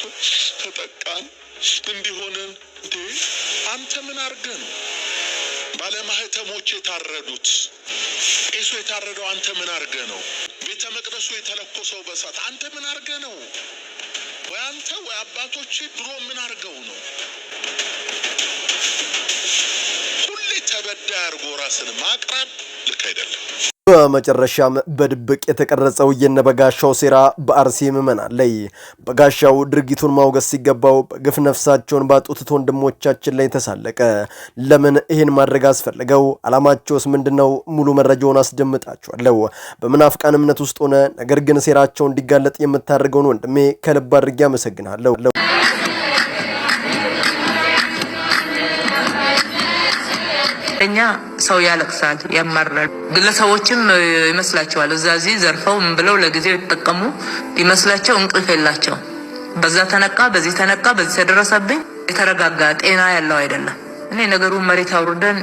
ተነስቶ ተጠቃን እንዲሆነን እንዴ? አንተ ምን አርገ ነው ባለማህተሞች የታረዱት? ቄሱ የታረደው አንተ ምን አርገ ነው? ቤተ መቅደሱ የተለኮሰው በሳት አንተ ምን አርገ ነው? ወይ አንተ ወይ አባቶች ድሮ ምን አርገው ነው? ሁሌ ተበዳ አድርጎ ራስን ማቅረብ ልክ አይደለም። በመጨረሻም በድብቅ የተቀረጸው የነበጋሻው ሴራ በአርሲ ምዕመናን ላይ በጋሻው ድርጊቱን ማውገዝ ሲገባው በግፍ ነፍሳቸውን ባጡት ወንድሞቻችን ላይ ተሳለቀ። ለምን ይህን ማድረግ አስፈለገው? ዓላማቸውስ ምንድን ነው? ሙሉ መረጃውን አስደምጣቸዋለሁ። በምናፍቃን እምነት ውስጥ ሆነ ነገር ግን ሴራቸው እንዲጋለጥ የምታደርገውን ወንድሜ ከልብ አድርጌ አመሰግናለሁ። ሰው ያለቅሳል፣ ያማራል። ግለሰቦችም ይመስላቸዋል ዚህ ዘርፈው ብለው ለጊዜው የተጠቀሙ ይመስላቸው እንቅልፍ የላቸው። በዛ ተነቃ፣ በዚህ ተነቃ፣ በዚህ ተደረሰብኝ። የተረጋጋ ጤና ያለው አይደለም። እኔ ነገሩን መሬት አውርደን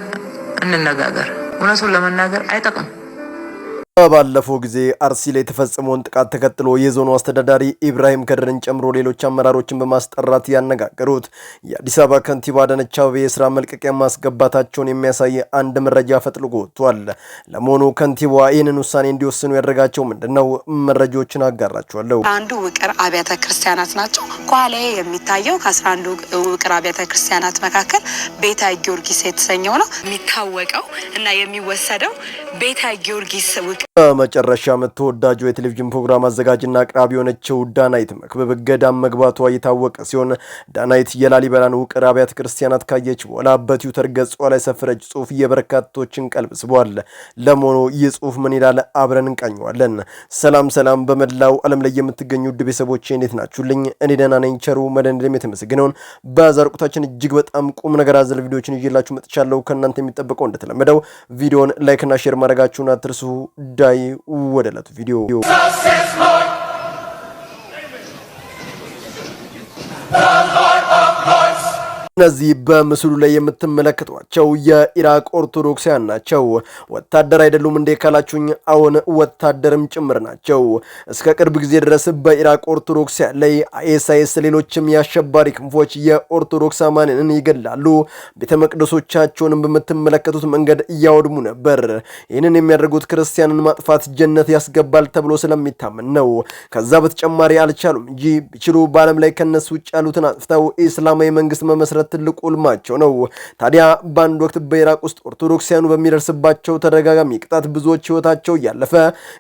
እንነጋገር። እውነቱን ለመናገር አይጠቅም። በባለፈው ጊዜ አርሲ ላይ የተፈጸመውን ጥቃት ተከትሎ የዞኑ አስተዳዳሪ ኢብራሂም ከድርን ጨምሮ ሌሎች አመራሮችን በማስጠራት ያነጋገሩት የአዲስ አበባ ከንቲባ አዳነች አቤቤ የስራ መልቀቂያ ማስገባታቸውን የሚያሳይ አንድ መረጃ ፈጥልጎ ወጥቷል። ለመሆኑ ከንቲባዋ ይህንን ውሳኔ እንዲወስኑ ያደረጋቸው ምንድን ነው? መረጃዎችን አጋራቸዋለሁ። አንዱ ውቅር አብያተ ክርስቲያናት ናቸው። ኳላ የሚታየው ከአስራ አንዱ ውቅር አብያተ ክርስቲያናት መካከል ቤታ ጊዮርጊስ የተሰኘው ነው የሚታወቀው እና የሚወሰደው ቤታ ጊዮርጊስ በመጨረሻም ተወዳጁ የቴሌቪዥን ፕሮግራም አዘጋጅና አቅራቢ የሆነችው ዳናይት መክብብ ገዳም መግባቷ የታወቀ ሲሆን ዳናይት የላሊበላን ውቅር አብያተ ክርስቲያናት ካየች በኋላ በትዊተር ገጿ ላይ ሰፈረች ጽሁፍ የበርካቶችን ቀልብ ስቧል። ለመሆኑ ይህ ጽሁፍ ምን ይላል? አብረን እንቃኘዋለን። ሰላም ሰላም፣ በመላው ዓለም ላይ የምትገኙ ውድ ቤተሰቦች እንዴት ናችሁልኝ? እኔ ደህና ነኝ። ቸሩ መድኃኔዓለም የተመሰገነውን። በዛሬው ቆይታችን እጅግ በጣም ቁም ነገር አዘል ቪዲዮችን ይዤላችሁ መጥቻለሁ። ከእናንተ የሚጠበቀው እንደተለመደው ቪዲዮን ላይክና ሼር ማድረጋችሁን አትርሱ። ጉዳይ ወደ ዕለቱ ቪዲዮ እነዚህ በምስሉ ላይ የምትመለከቷቸው የኢራቅ ኦርቶዶክሳውያን ናቸው። ወታደር አይደሉም እንዴ ካላችሁኝ፣ አሁን ወታደርም ጭምር ናቸው። እስከ ቅርብ ጊዜ ድረስ በኢራቅ ኦርቶዶክሳውያን ላይ አይኤስአይኤስ፣ ሌሎችም የአሸባሪ ክንፎች የኦርቶዶክስ አማንያንን ይገላሉ፣ ቤተ መቅደሶቻቸውንም በምትመለከቱት መንገድ እያወድሙ ነበር። ይህንን የሚያደርጉት ክርስቲያንን ማጥፋት ጀነት ያስገባል ተብሎ ስለሚታመን ነው። ከዛ በተጨማሪ አልቻሉም እንጂ ቢችሉ በዓለም ላይ ከነሱ ውጭ ያሉትን አጥፍተው ኢስላማዊ መንግስት መመስረት ትልቁ ህልማቸው ነው። ታዲያ በአንድ ወቅት በኢራቅ ውስጥ ኦርቶዶክሲያኑ በሚደርስባቸው ተደጋጋሚ ቅጣት ብዙዎች ህይወታቸው እያለፈ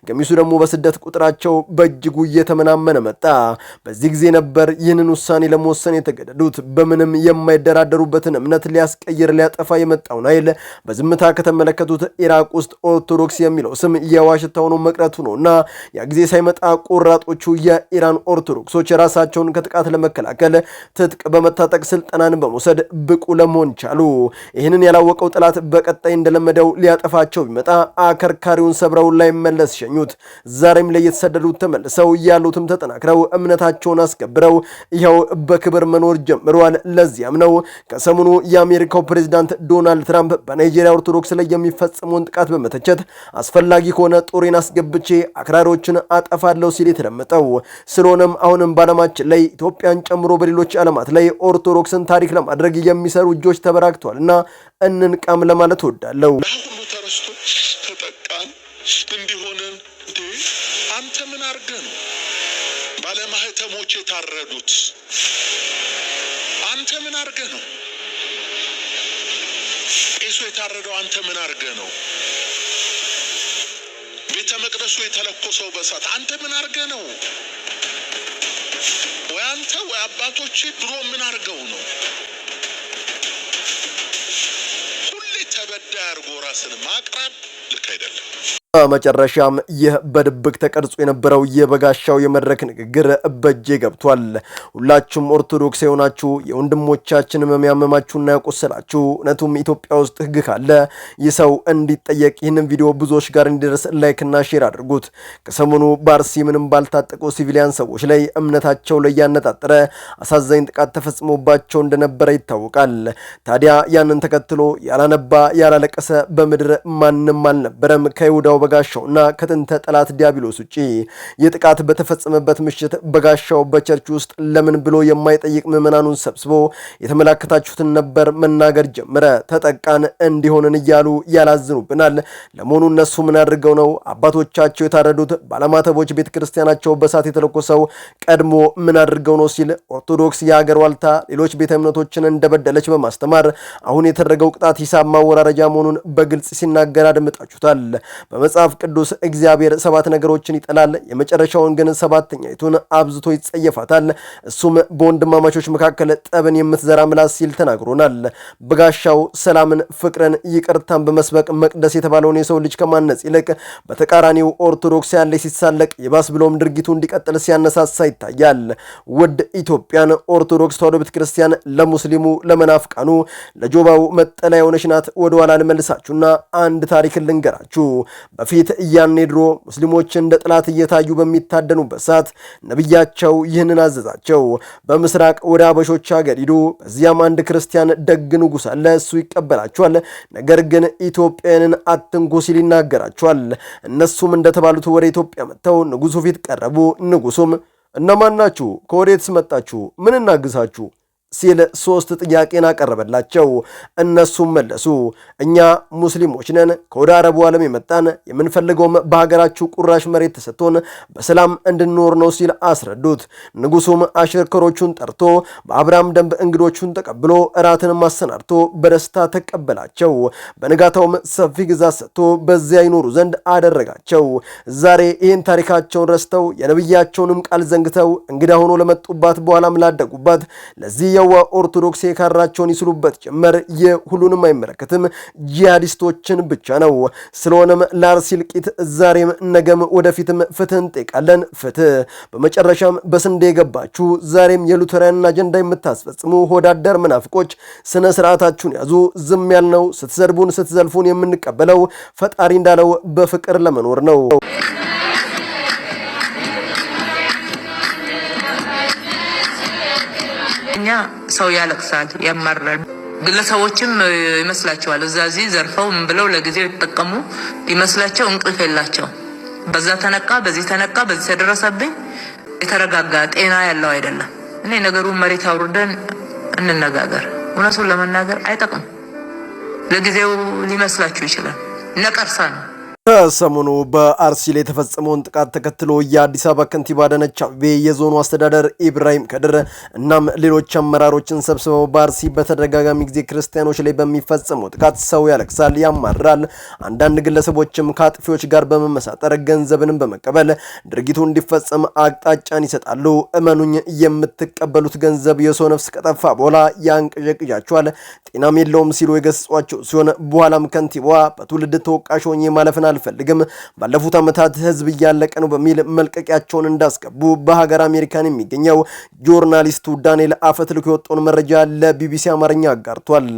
ገሚሱ ደግሞ በስደት ቁጥራቸው በእጅጉ እየተመናመነ መጣ። በዚህ ጊዜ ነበር ይህንን ውሳኔ ለመወሰን የተገደዱት። በምንም የማይደራደሩበትን እምነት ሊያስቀይር ሊያጠፋ የመጣውን ኃይል በዝምታ ከተመለከቱት ኢራቅ ውስጥ ኦርቶዶክስ የሚለው ስም የዋሽታ ሆኖ መቅረቱ ነው እና ያ ጊዜ ሳይመጣ ቆራጦቹ የኢራን ኦርቶዶክሶች ራሳቸውን ከጥቃት ለመከላከል ትጥቅ በመታጠቅ ስልጠናን በመ በመውሰድ ብቁ ለመሆን ቻሉ። ይህንን ያላወቀው ጠላት በቀጣይ እንደለመደው ሊያጠፋቸው ቢመጣ አከርካሪውን ሰብረው ላይመለስ ሸኙት። ዛሬም ላይ ተመልሰው ያሉትም ተጠናክረው እምነታቸውን አስከብረው ይኸው በክብር መኖር ጀምረዋል። ለዚያም ነው ከሰሞኑ የአሜሪካው ፕሬዚዳንት ዶናልድ ትራምፕ በናይጄሪያ ኦርቶዶክስ ላይ የሚፈጸመውን ጥቃት በመተቸት አስፈላጊ ከሆነ ጦሬን አስገብቼ አክራሪዎችን አጠፋለሁ ሲል የተደመጠው። ስለሆነም አሁንም በዓለማችን ላይ ኢትዮጵያን ጨምሮ በሌሎች ዓለማት ላይ ኦርቶዶክስን ታሪክ ለ ለማድረግ የሚሰሩ እጆች ተበራክተዋል እና ቃም ለማለት እወዳለሁ። ሁሉ ተረስቶ ተጠቃን እንዲሆነን እንዴ አንተ ምን አድርገህ ነው ባለማህተሞች የታረዱት? አንተ ምን አርገ ነው ቄሱ የታረደው? አንተ ምን አርገ ነው ቤተ መቅደሱ የተለኮሰው በሳት? አንተ ምን አርገ ነው ወይ አንተ ወይ አባቶቼ ድሮ ምን አድርገው ነው ጉዳይ አድርጎ ራስን ማቅረብ ልክ አይደለም። በመጨረሻም ይህ በድብቅ ተቀርጾ የነበረው የበጋሻው የመድረክ ንግግር በእጄ ገብቷል። ሁላችሁም ኦርቶዶክስ የሆናችሁ የወንድሞቻችን መሚያመማችሁና ያመማችሁና ያቆሰላችሁ፣ እውነቱም ኢትዮጵያ ውስጥ ሕግ ካለ ይህ ሰው እንዲጠየቅ ይህንን ቪዲዮ ብዙዎች ጋር እንዲደርስ ላይክና ሼር አድርጉት። ከሰሞኑ በአርሲ ምንም ባልታጠቁ ሲቪሊያን ሰዎች ላይ እምነታቸው ላይ ያነጣጠረ አሳዛኝ ጥቃት ተፈጽሞባቸው እንደነበረ ይታወቃል። ታዲያ ያንን ተከትሎ ያላነባ ያላለቀሰ በምድር ማንም አልነበረ። አልነበረም። ከይሁዳው በጋሻው እና ከጥንተ ጠላት ዲያብሎስ ውጪ የጥቃት በተፈጸመበት ምሽት በጋሻው በቸርች ውስጥ ለምን ብሎ የማይጠይቅ ምዕመናኑን ሰብስቦ የተመላከታችሁትን ነበር መናገር ጀመረ። ተጠቃን እንዲሆንን እያሉ ያላዝኑብናል። ለመሆኑ እነሱ ምን አድርገው ነው አባቶቻቸው የታረዱት? ባለማተቦች ቤተ ክርስቲያናቸው በሳት የተለኮሰው ቀድሞ ምን አድርገው ነው ሲል ኦርቶዶክስ የሀገር ዋልታ ሌሎች ቤተ እምነቶችን እንደበደለች በማስተማር አሁን የተደረገው ቅጣት ሂሳብ ማወራረጃ መሆኑን በግልጽ ሲናገር አድምጠ አድርጋችሁታል። በመጽሐፍ ቅዱስ እግዚአብሔር ሰባት ነገሮችን ይጠላል፣ የመጨረሻውን ግን ሰባተኛይቱን አብዝቶ ይጸየፋታል፣ እሱም በወንድማማቾች መካከል ጠብን የምትዘራ ምላስ ሲል ተናግሮናል። በጋሻው ሰላምን፣ ፍቅርን፣ ይቅርታን በመስበክ መቅደስ የተባለውን የሰው ልጅ ከማነጽ ይልቅ በተቃራኒው ኦርቶዶክስ ያለ ሲሳለቅ የባስ ብሎም ድርጊቱ እንዲቀጥል ሲያነሳሳ ይታያል። ውድ ኢትዮጵያን ኦርቶዶክስ ተዋሕዶ ቤተ ክርስቲያን ለሙስሊሙ፣ ለመናፍቃኑ፣ ለጆባው መጠለያ የሆነች ናት። ወደኋላ ልመልሳችሁና አንድ ታሪክን ልንገራችሁ። በፊት እያኔ ድሮ ሙስሊሞች እንደ ጠላት እየታዩ በሚታደኑበት ሰዓት ነቢያቸው ይህንን አዘዛቸው። በምስራቅ ወደ አበሾች ሀገር ሂዱ፣ በዚያም አንድ ክርስቲያን ደግ ንጉሥ አለ፣ እሱ ይቀበላችኋል፣ ነገር ግን ኢትዮጵያንን አትንኩ ሲል ይናገራችኋል። እነሱም እንደተባሉት ወደ ኢትዮጵያ መጥተው ንጉሱ ፊት ቀረቡ። ንጉሱም እነማን ናችሁ? ከወዴትስ መጣችሁ? ምን እናግዛችሁ ሲል ሶስት ጥያቄን አቀረበላቸው። እነሱም መለሱ፣ እኛ ሙስሊሞች ነን፣ ከወደ አረቡ ዓለም የመጣን የምንፈልገውም በሀገራችሁ ቁራሽ መሬት ተሰጥቶን በሰላም እንድንኖር ነው ሲል አስረዱት። ንጉሱም አሽከሮቹን ጠርቶ በአብርሃም ደንብ እንግዶቹን ተቀብሎ እራትን ማሰናድቶ በደስታ ተቀበላቸው። በንጋታውም ሰፊ ግዛት ሰጥቶ በዚያ ይኖሩ ዘንድ አደረጋቸው። ዛሬ ይህን ታሪካቸውን ረስተው የነቢያቸውንም ቃል ዘንግተው እንግዳ ሆኖ ለመጡባት በኋላም ላደጉባት ለዚህ ሸዋ ኦርቶዶክስ የካራቸውን ይስሉበት ጭምር የሁሉንም አይመለከትም፣ ጂሃዲስቶችን ብቻ ነው። ስለሆነም ለአርሲ እልቂት ዛሬም ነገም ወደፊትም ፍትህ እንጠይቃለን። ፍትህ። በመጨረሻም በስንዴ የገባችሁ ዛሬም የሉተራያንን አጀንዳ የምታስፈጽሙ ሆዳደር መናፍቆች ስነ ስርዓታችሁን ያዙ። ዝም ያልነው ስትዘድቡን ስትዘልፉን የምንቀበለው ፈጣሪ እንዳለው በፍቅር ለመኖር ነው። አንደኛ ሰው ያለቅሳል፣ ያማራል። ግለሰቦችም ይመስላቸዋል እዛዚህ ዘርፈው ምን ብለው ለጊዜው የተጠቀሙ ይመስላቸው እንቅልፍ የላቸው። በዛ ተነቃ፣ በዚህ ተነቃ፣ በዚህ ተደረሰብኝ። የተረጋጋ ጤና ያለው አይደለም። እኔ ነገሩን መሬት አውርደን እንነጋገር። እውነቱን ለመናገር አይጠቅም። ለጊዜው ሊመስላችሁ ይችላል፣ ነቀርሳ ነው። ከሰሞኑ በአርሲ ላይ የተፈጸመውን ጥቃት ተከትሎ የአዲስ አበባ ከንቲባ አዳነች አቤቤ የዞኑ አስተዳደር ኢብራሂም ከድር እናም ሌሎች አመራሮችን ሰብስበው በአርሲ በተደጋጋሚ ጊዜ ክርስቲያኖች ላይ በሚፈጸመው ጥቃት ሰው ያለቅሳል፣ ያማራል። አንዳንድ ግለሰቦችም ከአጥፊዎች ጋር በመመሳጠር ገንዘብንም በመቀበል ድርጊቱ እንዲፈጸም አቅጣጫን ይሰጣሉ። እመኑኝ፣ የምትቀበሉት ገንዘብ የሰው ነፍስ ከጠፋ በኋላ ያንቀዠቅዣችኋል፣ ጤናም የለውም ሲሉ የገሰጿቸው ሲሆን በኋላም ከንቲባዋ በትውልድ ተወቃሽ ሆኜ ማለፍናል አልፈልግም፣ ባለፉት ዓመታት ህዝብ እያለቀ ነው በሚል መልቀቂያቸውን እንዳስገቡ በሀገር አሜሪካን የሚገኘው ጆርናሊስቱ ዳንኤል አፈትልኮ የወጣውን መረጃ ለቢቢሲ አማርኛ አጋርቷል።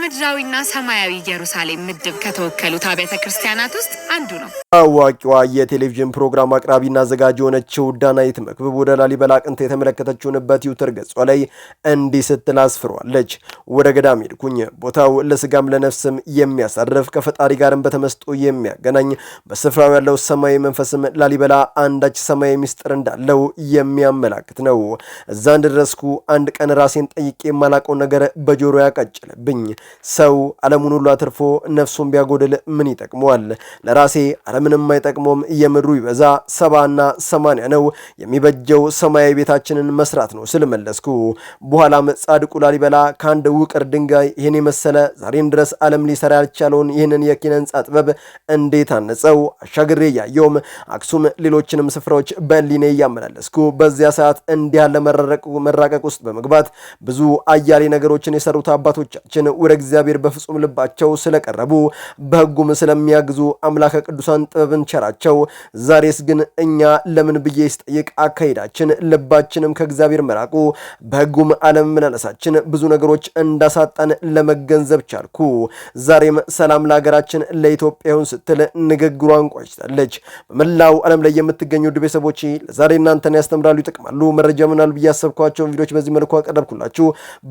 በምድራዊና ሰማያዊ ኢየሩሳሌም ምድብ ከተወከሉት አብያተ ክርስቲያናት ውስጥ አንዱ ነው። ታዋቂዋ የቴሌቪዥን ፕሮግራም አቅራቢና አዘጋጅ የሆነችው ዳናይት መክብብ ወደ ላሊበላ ቅንት የተመለከተችውን በትዊተር ገጿ ላይ እንዲህ ስትል አስፍሯለች። ወደ ገዳም ሄድኩኝ። ቦታው ለስጋም ለነፍስም የሚያሳርፍ ከፈጣሪ ጋርም በተመስጦ የሚያገናኝ በስፍራው ያለው ሰማያዊ መንፈስም ላሊበላ አንዳች ሰማያዊ ሚስጥር እንዳለው የሚያመላክት ነው። እዛ እንደደረስኩ አንድ ቀን ራሴን ጠይቄ የማላቀው ነገር በጆሮ ያቀጭልብኝ ሰው ዓለሙን ሁሉ አትርፎ ነፍሱን ቢያጎድል ምን ይጠቅመዋል? ለራሴ ዓለምንም አይጠቅሞም። የምድሩ ይበዛ ሰባና ሰማንያ ነው። የሚበጀው ሰማያዊ ቤታችንን መስራት ነው ስል መለስኩ። በኋላም ጻድቁ ላሊበላ ከአንድ ውቅር ድንጋይ ይህን የመሰለ ዛሬን ድረስ ዓለም ሊሰራ ያልቻለውን ይህንን የኪነ ህንፃ ጥበብ እንዴት አነጸው? አሻግሬ ያየውም አክሱም፣ ሌሎችንም ስፍራዎች በሊኔ እያመላለስኩ በዚያ ሰዓት እንዲህ ያለ መራቀቅ ውስጥ በመግባት ብዙ አያሌ ነገሮችን የሰሩት አባቶቻችን ወደ ለእግዚአብሔር በፍጹም ልባቸው ስለቀረቡ በሕጉም ስለሚያግዙ አምላከ ቅዱሳን ጥበብን ቸራቸው። ዛሬስ ግን እኛ ለምን ብዬ ስጠይቅ አካሄዳችን ልባችንም ከእግዚአብሔር መራቁ በሕጉም አለመመላለሳችን ብዙ ነገሮች እንዳሳጣን ለመገንዘብ ቻልኩ። ዛሬም ሰላም ለሀገራችን ለኢትዮጵያ ስትል ንግግሯን ቋጭታለች። በመላው ዓለም ላይ የምትገኙ ውድ ቤተሰቦች ለዛሬ እናንተን ያስተምራሉ፣ ይጠቅማሉ፣ መረጃ ምናሉ ብዬ ያሰብኳቸውን ቪዲዮች በዚህ መልኩ አቀረብኩላችሁ።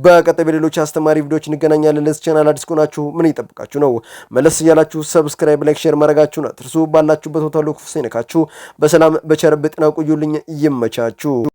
በቀጣይ በሌሎች አስተማሪ ቪዲዮዎች እንገናኛለን። ለዚህ ቻናል አዲስ ከሆናችሁ ምን ይጠብቃችሁ ነው? መለስ እያላችሁ ሰብስክራይብ፣ ላይክ፣ ሼር ማድረጋችሁን አትርሱ። ባላችሁበት ቦታ ሁሉ ክፉ ሳይነካችሁ በሰላም በቸር በጤና ቆዩልኝ። ይመቻችሁ።